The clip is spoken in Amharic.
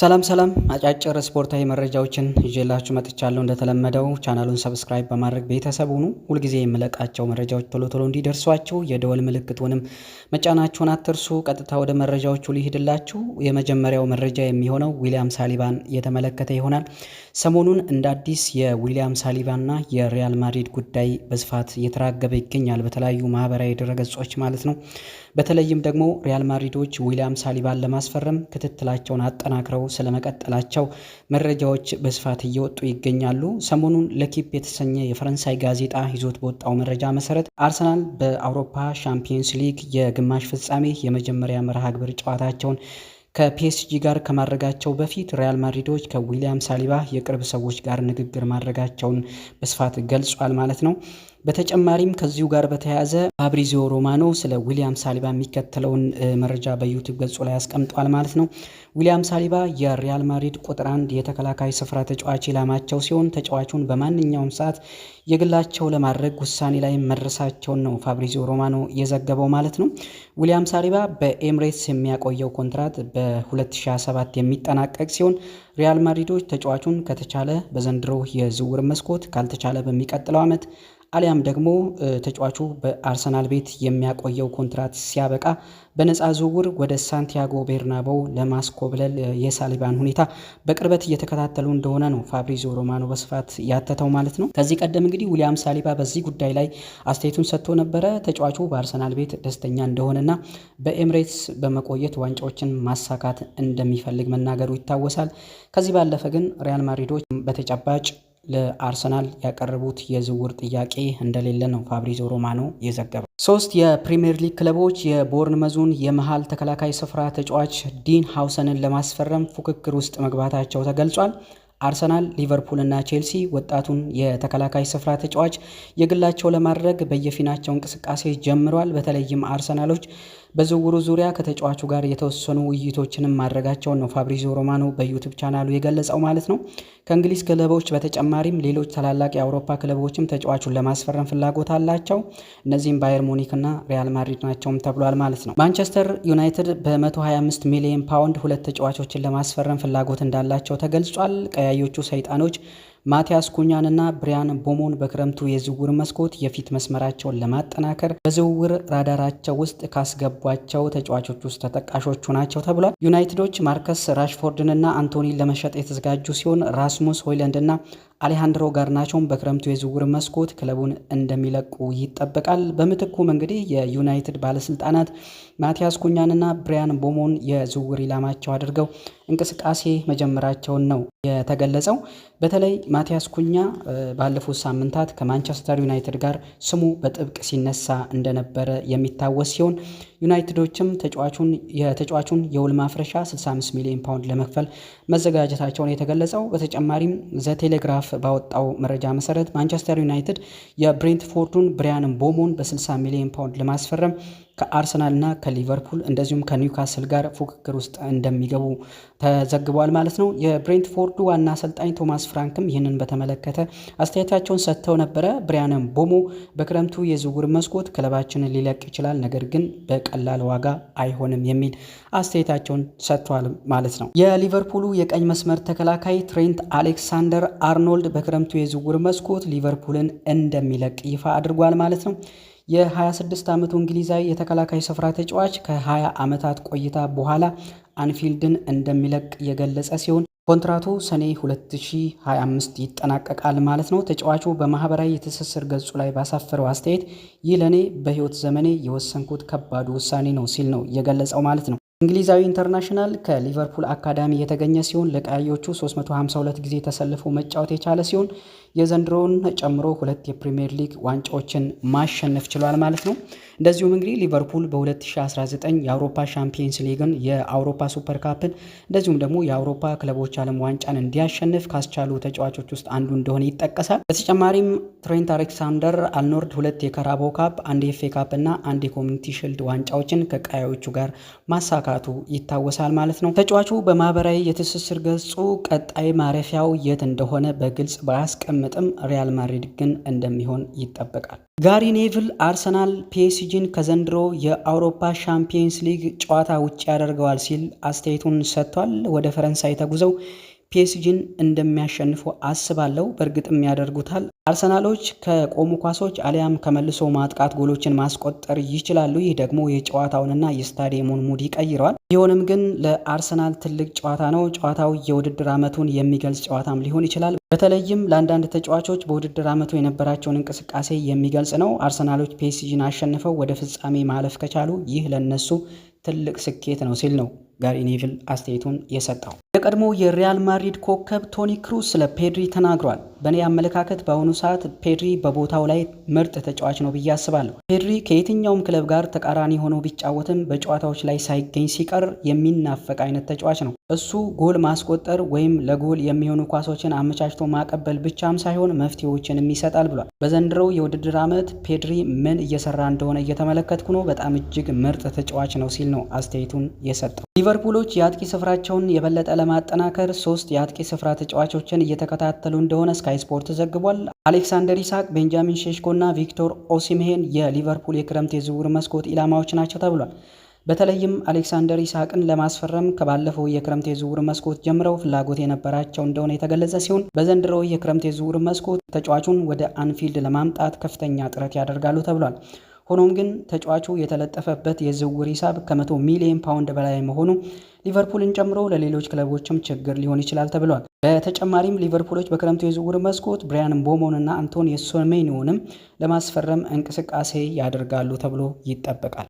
ሰላም ሰላም፣ አጫጭር ስፖርታዊ መረጃዎችን ይዤላችሁ መጥቻለሁ። እንደተለመደው ቻናሉን ሰብስክራይብ በማድረግ ቤተሰብ ሁኑ። ሁልጊዜ የምለቃቸው መረጃዎች ቶሎ ቶሎ እንዲደርሷችሁ የደወል ምልክቱንም መጫናችሁን አትርሱ። ቀጥታ ወደ መረጃዎቹ ሊሄድላችሁ፣ የመጀመሪያው መረጃ የሚሆነው ዊሊያም ሳሊባን የተመለከተ ይሆናል። ሰሞኑን እንደ አዲስ የዊሊያም ሳሊባና የሪያል ማድሪድ ጉዳይ በስፋት እየተራገበ ይገኛል፣ በተለያዩ ማህበራዊ ድረገጾች ማለት ነው። በተለይም ደግሞ ሪያል ማድሪዶች ዊሊያም ሳሊባን ለማስፈረም ክትትላቸውን አጠናክረው ስለመቀጠላቸው መረጃዎች በስፋት እየወጡ ይገኛሉ። ሰሞኑን ለኪፕ የተሰኘ የፈረንሳይ ጋዜጣ ይዞት በወጣው መረጃ መሰረት አርሰናል በአውሮፓ ሻምፒየንስ ሊግ የግማሽ ፍጻሜ የመጀመሪያ መርሃ ግብር ጨዋታቸውን ከፒኤስጂ ጋር ከማድረጋቸው በፊት ሪያል ማድሪዶች ከዊሊያም ሳሊባ የቅርብ ሰዎች ጋር ንግግር ማድረጋቸውን በስፋት ገልጿል ማለት ነው። በተጨማሪም ከዚሁ ጋር በተያያዘ ፋብሪዚዮ ሮማኖ ስለ ዊሊያም ሳሊባ የሚከተለውን መረጃ በዩቱብ ገጹ ላይ አስቀምጧል ማለት ነው። ዊሊያም ሳሊባ የሪያል ማድሪድ ቁጥር አንድ የተከላካይ ስፍራ ተጫዋች ኢላማቸው ሲሆን ተጫዋቹን በማንኛውም ሰዓት የግላቸው ለማድረግ ውሳኔ ላይ መድረሳቸውን ነው ፋብሪዚዮ ሮማኖ የዘገበው ማለት ነው። ዊሊያም ሳሊባ በኤምሬትስ የሚያቆየው ኮንትራት በ2027 የሚጠናቀቅ ሲሆን ሪያል ማድሪዶች ተጫዋቹን ከተቻለ በዘንድሮ የዝውውር መስኮት ካልተቻለ በሚቀጥለው ዓመት አሊያም ደግሞ ተጫዋቹ በአርሰናል ቤት የሚያቆየው ኮንትራት ሲያበቃ በነፃ ዝውውር ወደ ሳንቲያጎ ቤርናቦው ለማስኮብለል የሳሊባን ሁኔታ በቅርበት እየተከታተሉ እንደሆነ ነው ፋብሪዞ ሮማኖ በስፋት ያተተው ማለት ነው። ከዚህ ቀደም እንግዲህ ዊሊያም ሳሊባ በዚህ ጉዳይ ላይ አስተያየቱን ሰጥቶ ነበረ። ተጫዋቹ በአርሰናል ቤት ደስተኛ እንደሆነና በኤምሬትስ በመቆየት ዋንጫዎችን ማሳካት እንደሚፈልግ መናገሩ ይታወሳል። ከዚህ ባለፈ ግን ሪያል ማድሪዶች በተጨባጭ ለአርሰናል ያቀረቡት የዝውውር ጥያቄ እንደሌለ ነው ፋብሪዞ ሮማኖ የዘገበው። ሶስት የፕሪምየር ሊግ ክለቦች የቦርንመዙን የመሃል ተከላካይ ስፍራ ተጫዋች ዲን ሃውሰንን ለማስፈረም ፉክክር ውስጥ መግባታቸው ተገልጿል። አርሰናል፣ ሊቨርፑል እና ቼልሲ ወጣቱን የተከላካይ ስፍራ ተጫዋች የግላቸው ለማድረግ በየፊናቸው እንቅስቃሴ ጀምረዋል። በተለይም አርሰናሎች በዝውውሩ ዙሪያ ከተጫዋቹ ጋር የተወሰኑ ውይይቶችንም ማድረጋቸውን ነው ፋብሪዞ ሮማኖ በዩቱብ ቻናሉ የገለጸው ማለት ነው። ከእንግሊዝ ክለቦች በተጨማሪም ሌሎች ታላላቅ የአውሮፓ ክለቦችም ተጫዋቹን ለማስፈረም ፍላጎት አላቸው። እነዚህም ባየር ሙኒክ ሪያል ማድሪድ ናቸውም ተብሏል ማለት ነው። ማንቸስተር ዩናይትድ በ125 ሚሊዮን ፓውንድ ሁለት ተጫዋቾችን ለማስፈረም ፍላጎት እንዳላቸው ተገልጿል። ቀያዮቹ ሰይጣኖች ማቲያስ ኩኛንና ብሪያን ቦሞን በክረምቱ የዝውውር መስኮት የፊት መስመራቸውን ለማጠናከር በዝውውር ራዳራቸው ውስጥ ካስገቧቸው ተጫዋቾች ውስጥ ተጠቃሾቹ ናቸው ተብሏል። ዩናይትዶች ማርከስ ራሽፎርድንና አንቶኒ ለመሸጥ የተዘጋጁ ሲሆን ራስሙስ ሆይለንድና አሌሃንድሮ ጋርናቾም በክረምቱ የዝውውር መስኮት ክለቡን እንደሚለቁ ይጠበቃል። በምትኩም እንግዲህ የዩናይትድ ባለስልጣናት ማቲያስ ኩኛንና ብሪያን ቦሞን የዝውውር ኢላማቸው አድርገው እንቅስቃሴ መጀመራቸውን ነው የተገለጸው። በተለይ ማቲያስ ኩኛ ባለፉት ሳምንታት ከማንቸስተር ዩናይትድ ጋር ስሙ በጥብቅ ሲነሳ እንደነበረ የሚታወስ ሲሆን ዩናይትዶችም ተጫዋቹን የተጫዋቹን የውል ማፍረሻ 65 ሚሊዮን ፓውንድ ለመክፈል መዘጋጀታቸውን የተገለጸው። በተጨማሪም ዘ ቴሌግራፍ ባወጣው መረጃ መሰረት ማንቸስተር ዩናይትድ የብሬንትፎርዱን ብሪያን ቦሞን በ60 ሚሊዮን ፓውንድ ለማስፈረም ከአርሰናልና ከሊቨርፑል እንደዚሁም ከኒውካስል ጋር ፉክክር ውስጥ እንደሚገቡ ተዘግቧል ማለት ነው። የብሬንትፎርዱ ዋና አሰልጣኝ ቶማስ ፍራንክም ይህንን በተመለከተ አስተያየታቸውን ሰጥተው ነበረ። ብሪያንም ቦሞ በክረምቱ የዝውውር መስኮት ክለባችንን ሊለቅ ይችላል፣ ነገር ግን በቀላል ዋጋ አይሆንም የሚል አስተያየታቸውን ሰጥተዋል ማለት ነው። የሊቨርፑሉ የቀኝ መስመር ተከላካይ ትሬንት አሌክሳንደር አርኖልድ በክረምቱ የዝውውር መስኮት ሊቨርፑልን እንደሚለቅ ይፋ አድርጓል ማለት ነው። የ26 ዓመቱ እንግሊዛዊ የተከላካይ ስፍራ ተጫዋች ከ20 ዓመታት ቆይታ በኋላ አንፊልድን እንደሚለቅ የገለጸ ሲሆን ኮንትራቱ ሰኔ 2025 ይጠናቀቃል ማለት ነው። ተጫዋቹ በማህበራዊ የትስስር ገጹ ላይ ባሳፈረው አስተያየት ይህ ለእኔ በህይወት ዘመኔ የወሰንኩት ከባዱ ውሳኔ ነው ሲል ነው የገለጸው ማለት ነው። እንግሊዛዊ ኢንተርናሽናል ከሊቨርፑል አካዳሚ የተገኘ ሲሆን ለቀያዮቹ 352 ጊዜ ተሰልፎ መጫወት የቻለ ሲሆን የዘንድሮውን ጨምሮ ሁለት የፕሪሚየር ሊግ ዋንጫዎችን ማሸነፍ ችሏል ማለት ነው። እንደዚሁም እንግዲህ ሊቨርፑል በ2019 የአውሮፓ ሻምፒየንስ ሊግን፣ የአውሮፓ ሱፐር ካፕን እንደዚሁም ደግሞ የአውሮፓ ክለቦች ዓለም ዋንጫን እንዲያሸንፍ ካስቻሉ ተጫዋቾች ውስጥ አንዱ እንደሆነ ይጠቀሳል። በተጨማሪም ትሬንት አሌክሳንደር አልኖርድ ሁለት የካራቦ ካፕ፣ አንድ የፌ ካፕ እና አንድ የኮሚኒቲ ሽልድ ዋንጫዎችን ከቀያዮቹ ጋር ማሳካቱ ይታወሳል ማለት ነው። ተጫዋቹ በማህበራዊ የትስስር ገጹ ቀጣይ ማረፊያው የት እንደሆነ በግልጽ በአስቀም ቢቀመጥም ሪያል ማድሪድ ግን እንደሚሆን ይጠበቃል። ጋሪ ኔቭል አርሰናል ፒኤስጂን ከዘንድሮ የአውሮፓ ሻምፒየንስ ሊግ ጨዋታ ውጭ ያደርገዋል ሲል አስተያየቱን ሰጥቷል። ወደ ፈረንሳይ ተጉዘው ፒኤስጂን እንደሚያሸንፉ አስባለሁ። በእርግጥም ያደርጉታል። አርሰናሎች ከቆሙ ኳሶች አሊያም ከመልሶ ማጥቃት ጎሎችን ማስቆጠር ይችላሉ። ይህ ደግሞ የጨዋታውንና የስታዲየሙን ሙድ ይቀይረዋል። ቢሆንም ግን ለአርሰናል ትልቅ ጨዋታ ነው። ጨዋታው የውድድር ዓመቱን የሚገልጽ ጨዋታም ሊሆን ይችላል። በተለይም ለአንዳንድ ተጫዋቾች በውድድር ዓመቱ የነበራቸውን እንቅስቃሴ የሚገልጽ ነው። አርሰናሎች ፒኤስጂን አሸንፈው ወደ ፍጻሜ ማለፍ ከቻሉ ይህ ለነሱ ትልቅ ስኬት ነው ሲል ነው ጋሪ ኔቪል አስተያየቱን የሰጠው። የቀድሞ የሪያል ማድሪድ ኮከብ ቶኒ ክሩስ ስለ ፔድሪ ተናግሯል። በእኔ አመለካከት በአሁኑ ሰዓት ፔድሪ በቦታው ላይ ምርጥ ተጫዋች ነው ብዬ አስባለሁ። ፔድሪ ከየትኛውም ክለብ ጋር ተቃራኒ ሆኖ ቢጫወትም በጨዋታዎች ላይ ሳይገኝ ሲቀር የሚናፈቅ አይነት ተጫዋች ነው። እሱ ጎል ማስቆጠር ወይም ለጎል የሚሆኑ ኳሶችን አመቻችቶ ማቀበል ብቻም ሳይሆን መፍትሄዎችንም ይሰጣል ብሏል። በዘንድሮው የውድድር ዓመት ፔድሪ ምን እየሰራ እንደሆነ እየተመለከትኩ ነው። በጣም እጅግ ምርጥ ተጫዋች ነው ሲል ነው አስተያየቱን የሰጠው። ሊቨርፑሎች የአጥቂ ስፍራቸውን የበለጠ ለማጠናከር ሶስት የአጥቂ ስፍራ ተጫዋቾችን እየተከታተሉ እንደሆነ ስካይ ስፖርት ዘግቧል። አሌክሳንደር ኢሳቅ፣ ቤንጃሚን ሼሽኮ እና ቪክቶር ኦሲምሄን የሊቨርፑል የክረምት የዝውውር መስኮት ኢላማዎች ናቸው ተብሏል። በተለይም አሌክሳንደር ኢሳቅን ለማስፈረም ከባለፈው የክረምት የዝውውር መስኮት ጀምረው ፍላጎት የነበራቸው እንደሆነ የተገለጸ ሲሆን በዘንድሮው የክረምት የዝውውር መስኮት ተጫዋቹን ወደ አንፊልድ ለማምጣት ከፍተኛ ጥረት ያደርጋሉ ተብሏል። ሆኖም ግን ተጫዋቹ የተለጠፈበት የዝውውር ሂሳብ ከመቶ ሚሊዮን ፓውንድ በላይ መሆኑ ሊቨርፑልን ጨምሮ ለሌሎች ክለቦችም ችግር ሊሆን ይችላል ተብሏል። በተጨማሪም ሊቨርፑሎች በክረምቱ የዝውውር መስኮት ብሪያን ቦሞን እና አንቶኒ ሶሜኒዮንም ለማስፈረም እንቅስቃሴ ያደርጋሉ ተብሎ ይጠበቃል።